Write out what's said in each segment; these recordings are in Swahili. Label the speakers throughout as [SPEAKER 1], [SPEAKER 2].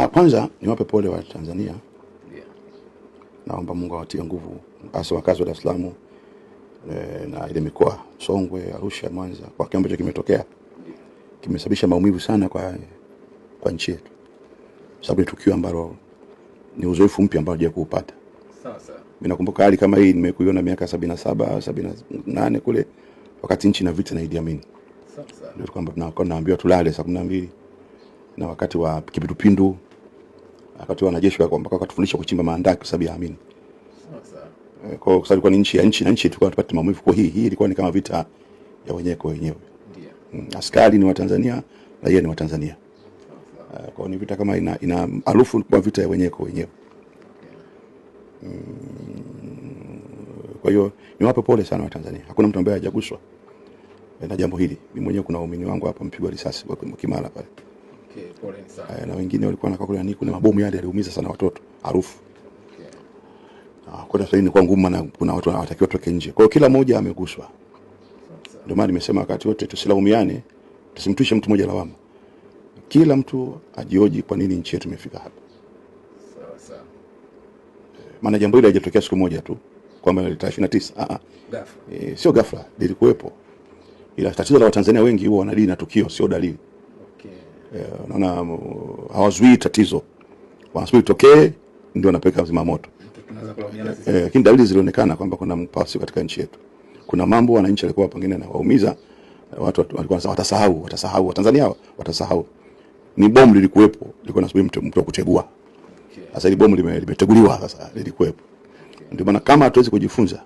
[SPEAKER 1] Ah, Kwanza niwape pole wa Tanzania yeah. Naomba Mungu awatie nguvu hasa wakazi wa Dar es Salaam e, na ile mikoa Songwe, Arusha, Mwanza kwa kile ambacho kimetokea kimesababisha maumivu sana kwa, kwa nchi yetu, sababu ni tukio ambalo ni uzoefu mpya ambao hujawahi kuupata. Sasa mimi nakumbuka hali kama hii nimekuiona miaka 77 78 kule wakati nchi na vita na Idi Amin. Sasa ndio kwamba tunaambiwa tulale saa 12 na wakati wa kipindupindu wakati wanajeshi wako mpaka wakatufundisha kuchimba maandaki kwa sababu ya Amin. Eh, kwa sababu ilikuwa ni nchi ya nchi na nchi tulikuwa tupate maumivu kwa hii hii ilikuwa ni kama vita ya wenyewe kwa wenyewe. Ndio. Mm, askari ni wa Tanzania, raia ni wa Tanzania. Eh, kwa hiyo ni vita kama ina ina harufu kwa vita ya wenyewe kwa wenyewe. Mm, kwa hiyo niwape pole sana wa Tanzania. Hakuna mtu ambaye hajaguswa na jambo hili. Mimi mwenyewe kuna waumini wangu hapa mpigwa risasi kwa Kimara pale. Okay, poleni sana. Eh, na wengine walikuwa wanakaa kule nani na mabomu yale yaliumiza sana watoto, harufu. Okay. Kwa sababu ni kwa ngumu maana kuna watu hawatakiwa toke nje. Kwa hiyo kila mmoja ameguswa. Ndio maana nimesema wakati wote tusilaumiane, tusimtwishe mtu mmoja lawama. Kila mtu ajioji kwa nini nchi yetu imefika hapa. Sawa sawa. Eh, maana jambo hili halijatokea siku moja tu kwamba ni tarehe 29. Ah ah. E, sio ghafla, lilikuwepo. Ila tatizo la Watanzania wengi huwa wanadili na tukio sio dalili. Eh, naona uh, mm, hawazuii tatizo, wanasubiri tokee ndio wanapeleka zima moto, eh, lakini dalili zilionekana kwamba kuna mpasi katika nchi yetu. Kuna mambo wananchi walikuwa pengine nawaumiza eh, watu, walikuwa wanasema watasahau, watasahau, Watanzania watasahau. Ni bomu lilikuwepo, lilikuwa nasubiri mtu wa kutegua. Sasa ile bomu limeteguliwa, sasa lilikuwepo. Ndio maana kama hatuwezi kujifunza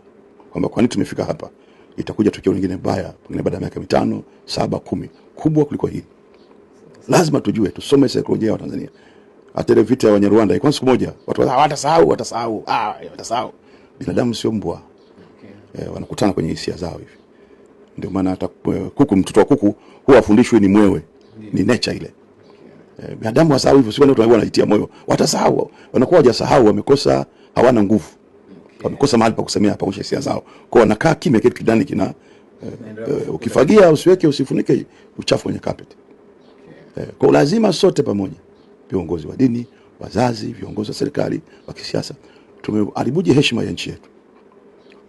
[SPEAKER 1] kwamba kwa nini tumefika hapa, itakuja tukio lingine baya pengine baada ya miaka mitano, saba, kumi kubwa kuliko hii lazima tujue, tusome saikolojia ya Watanzania. Hata ile vita ya Wanyarwanda ilikuwa siku moja, watu watasahau, watasahau, ah, eh, watasahau. Binadamu sio mbwa okay. E, wanakutana kwenye hisia zao hivi. Ndio maana hata eh, kuku, mtoto wa kuku huwa afundishwe ni mwewe, yeah. ni nature ile okay. E, binadamu wasahau hivyo, sio watu wanaitia moyo, watasahau. Wanakuwa hawajasahau, wamekosa, hawana nguvu okay. wamekosa mahali pa kusemea, pa kuonyesha hisia zao, kwa wanakaa kimya, kitu kidani kina e, e, ukifagia usiweke usifunike uchafu kwenye kapeti. Eh, kwa lazima sote pamoja, viongozi wa dini, wazazi, viongozi wa serikali, wa kisiasa, tumeharibuje heshima ya nchi yetu?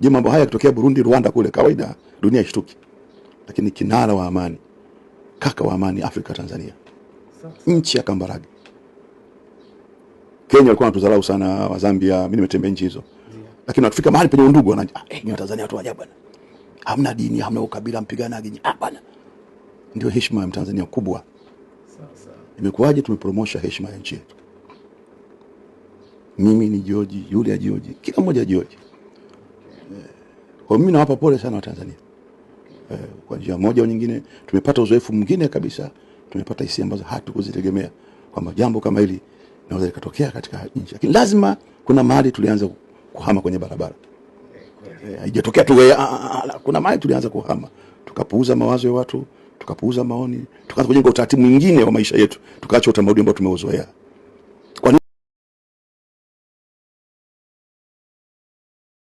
[SPEAKER 1] Je, mambo haya yakitokea Burundi, Rwanda kule kawaida dunia ishtuki, lakini kinara wa amani, kaka wa amani Afrika, Tanzania, nchi ya Kambarage. Kenya walikuwa wanatudharau sana, wa Zambia, mimi nimetembea nchi hizo, lakini natufika mahali penye undugu wanaje, ah, eh, Tanzania watu ajabu bwana, hamna dini, hamna ukabila, mpiganaji Ah bwana, ndio heshima ya Mtanzania kubwa imekuwaje tumepromosha heshima ya nchi yetu mimi ni joji yule ya joji kila mmoja joji eh, Kwa mimi nawapa pole sana Watanzania. Eh, kwa njia moja au nyingine tumepata uzoefu mwingine kabisa, tumepata hisia ambazo hatukuzitegemea kwamba jambo kama hili naweza likatokea katika nchi, lakini lazima kuna mahali tulianza kuhama kwenye barabara. Eh, haijatokea tu, ah, ah, ah, kuna mahali tulianza kuhama, tukapuuza mawazo ya watu, tukapuuza maoni, tukaanza kujenga utaratibu mwingine wa maisha yetu, tukaacha utamaduni ambao tumeuzoea.